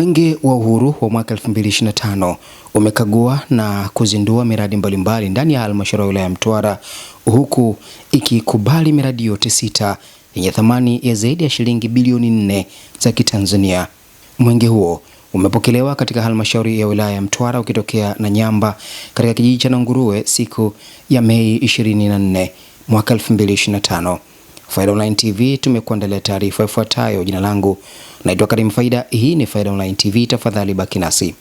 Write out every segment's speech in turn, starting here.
Mwenge wa Uhuru wa mwaka 2025 umekagua na kuzindua miradi mbalimbali ndani ya halmashauri ya wilaya ya Mtwara huku ikikubali miradi yote sita yenye thamani ya zaidi ya shilingi bilioni nne za Kitanzania. Mwenge huo umepokelewa katika halmashauri ya wilaya ya Mtwara ukitokea na nyamba katika kijiji cha Nanguruwe siku ya Mei 24 mwaka 2025. Faida Online TV tumekuandalia taarifa ifuatayo. Jina langu naitwa Karim Faida. Hii ni Faida Online TV, tafadhali baki nasi.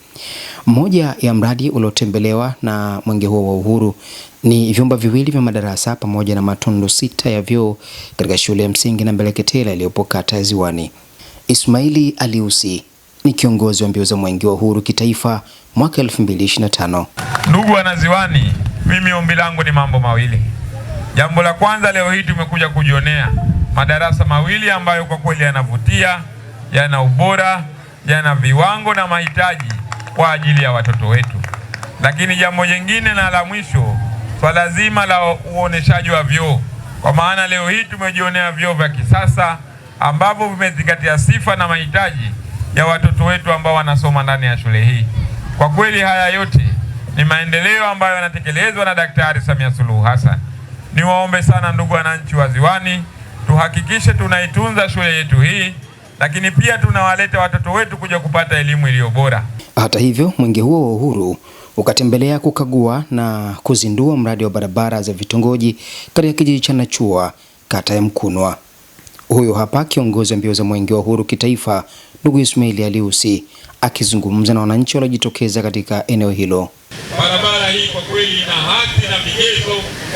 Moja ya mradi uliotembelewa na mwenge huo wa uhuru ni vyumba viwili vya madarasa pamoja na matundu sita ya vyoo katika shule ya msingi na Mbeleketela iliyopo kata ya Ziwani. Ismaili Aliusi ni kiongozi wa mbio za mwenge wa uhuru kitaifa mwaka 2025. Ndugu wanaziwani, mimi ombi langu ni mambo mawili. Jambo la kwanza leo hii tumekuja kujionea madarasa mawili ambayo kwa kweli yanavutia, yana ubora, yana viwango na mahitaji kwa ajili ya watoto wetu. Lakini jambo jingine na la mwisho, swala zima la uoneshaji wa vyoo, kwa maana leo hii tumejionea vyoo vya kisasa ambavyo vimezingatia sifa na mahitaji ya watoto wetu ambao wanasoma ndani ya shule hii. Kwa kweli haya yote ni maendeleo ambayo yanatekelezwa na Daktari Samia Suluhu Hassan niwaombe sana ndugu wananchi wa Ziwani, tuhakikishe tunaitunza shule yetu hii, lakini pia tunawaleta watoto wetu kuja kupata elimu iliyo bora. Hata hivyo, mwenge huo wa uhuru ukatembelea kukagua na kuzindua mradi wa barabara za vitongoji katika kijiji cha Nachua kata ya Mkunwa. Huyo hapa kiongozi wa mbio za mwenge wa uhuru kitaifa ndugu Ismail Aliusi akizungumza na wananchi waliojitokeza katika eneo hilo. Barabara hii kwa kweli ina haki na vigezo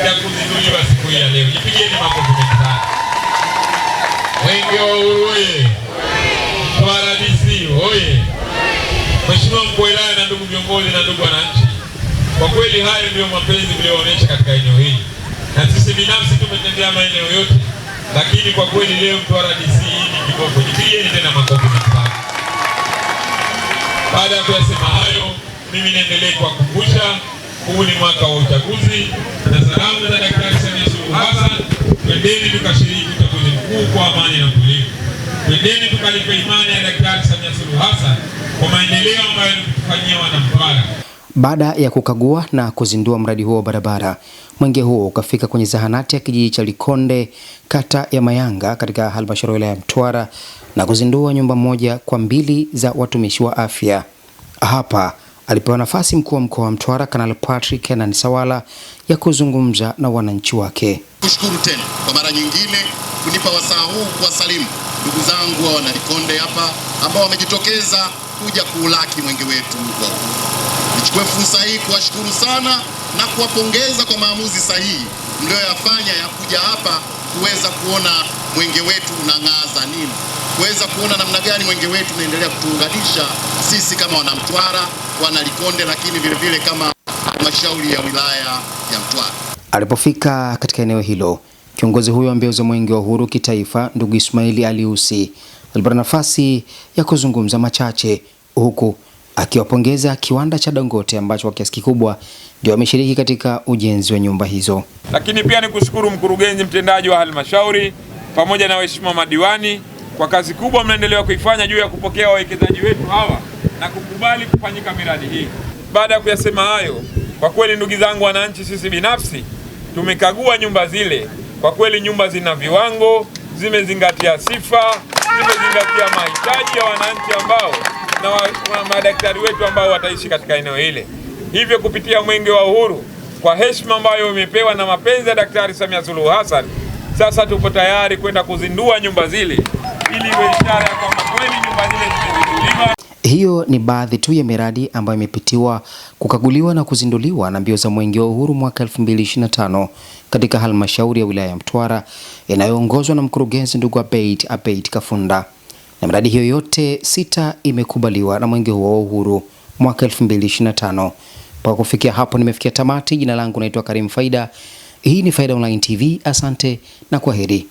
ya kuzinduliwa siku ya leo. Jipigeni makofi mengi sana. Wenge oye! Paradisi oye! Mheshimiwa mkuu wa wilaya na ndugu viongozi na ndugu wananchi, kwa kweli hayo ndiyo mapenzi mlioonyesha katika eneo hili, na sisi binafsi tumetembea maeneo yote, lakini kwa kweli leo Mtwara DC ni kiboko. Jipigeni tena makofi mengi sana. Baada ya kuyasema hayo, mimi niendelee kuwakumbusha huu ni mwaka wa uchaguzi. na salamu za na Daktari Samia Suluhu Hassan, twendeni tukashiriki uchaguzi mkuu kwa amani na utulivu. Twendeni tukalipe imani ya Daktari Samia Suluhu Hassan kwa maendeleo ambayo alikutufanyia Wanamtwara. Baada ya kukagua na kuzindua mradi huo wa barabara, mwenge huo ukafika kwenye zahanati ya kijiji cha Likonde, kata ya Mayanga, katika halmashauri ya wilaya ya Mtwara na kuzindua nyumba moja kwa mbili za watumishi wa afya. Hapa alipewa nafasi mkuu wa mkoa wa Mtwara Kanali Patrick Kenan Sawala ya kuzungumza na wananchi wake. Tushukuru tena kwa mara nyingine kunipa wasaa huu kuwasalimu ndugu zangu wa Wanalikonde hapa ambao wamejitokeza kuja kuulaki mwenge wetu huko. Nichukue fursa hii kuwashukuru sana na kuwapongeza kwa maamuzi sahihi mlioyafanya ya kuja hapa kuweza kuona mwenge wetu unang'aza nini kuweza kuona namna gani mwenge wetu unaendelea kutuunganisha sisi kama wanamtwara wana Likonde, lakini vilevile kama halmashauri ya wilaya ya Mtwara. Alipofika katika eneo hilo, kiongozi huyo wa mbio za mwenge wa uhuru kitaifa ndugu Ismaili Aliusi alipata nafasi ya kuzungumza machache, huku akiwapongeza kiwanda cha Dangote ambacho kwa kiasi kikubwa ndio wameshiriki katika ujenzi wa nyumba hizo. Lakini pia nikushukuru mkurugenzi mtendaji wa halmashauri pamoja na waheshimiwa madiwani kwa kazi kubwa mnaendelea kuifanya juu ya kupokea wawekezaji wetu hawa na kukubali kufanyika miradi hii. Baada ya kuyasema hayo, kwa kweli ndugu zangu wananchi, sisi binafsi tumekagua nyumba zile. Kwa kweli nyumba zina viwango, zimezingatia sifa, zimezingatia mahitaji ya wananchi ambao na wa, wa, madaktari wetu ambao wataishi katika eneo hile. Hivyo kupitia Mwenge wa Uhuru, kwa heshima ambayo imepewa na mapenzi ya Daktari Samia Suluhu Hassan, sasa tupo tayari kwenda kuzindua nyumba zile ili iwe ishara ya kwamba kweli nyumba zile zimezinduliwa. Hiyo ni baadhi tu ya miradi ambayo imepitiwa kukaguliwa na kuzinduliwa na mbio za Mwenge wa Uhuru mwaka 2025 katika halmashauri ya wilaya ya Mtwara inayoongozwa na mkurugenzi ndugu Abeid Abeid Kafunda, na miradi hiyo yote sita imekubaliwa na Mwenge huo wa Uhuru mwaka 2025. Mpaka kufikia hapo nimefikia tamati. Jina langu naitwa Karim Faida. Hii ni Faida Online TV. Asante na kwaheri.